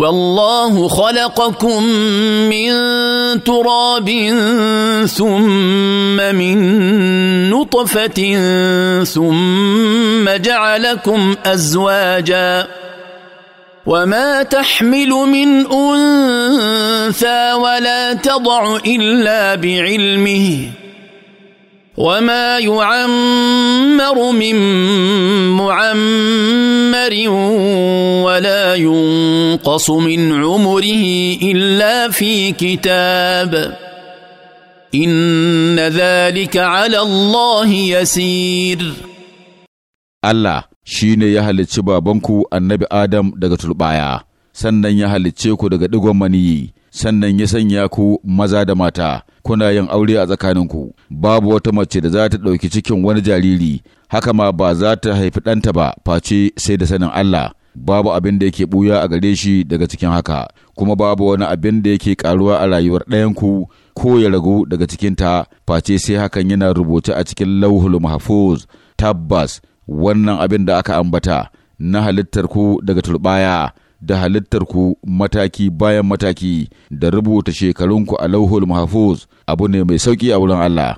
والله خلقكم من تراب ثم من نطفه ثم جعلكم ازواجا وما تحمل من انثى ولا تضع الا بعلمه وما يعمر من معمر ولا ينقص من عمره الا في كتاب ان ذلك على الله يسير الله shine يهل halicci النبي ادم Adam بايا sannan ya halicce ku daga digon maniyi, sannan ya sanya ku maza da mata, kuna yin aure a tsakaninku, babu wata mace da za ta ɗauki cikin wani jariri, haka ma ba za ta haifi ɗanta ba, face sai da sanin Allah. Babu abin da yake ɓuya a gare shi daga cikin haka, kuma babu wani abin da yake ƙaruwa a rayuwar ɗayanku ko ya ragu daga cikin ta face sai hakan yana rubuce a cikin lauhul mahfuz tabbas wannan abin da aka ambata na halittar ku daga turbaya da halittar ku mataki bayan mataki da rubuta shekarunku a lauhul mahfuz abu ne mai sauƙi a wurin Allah.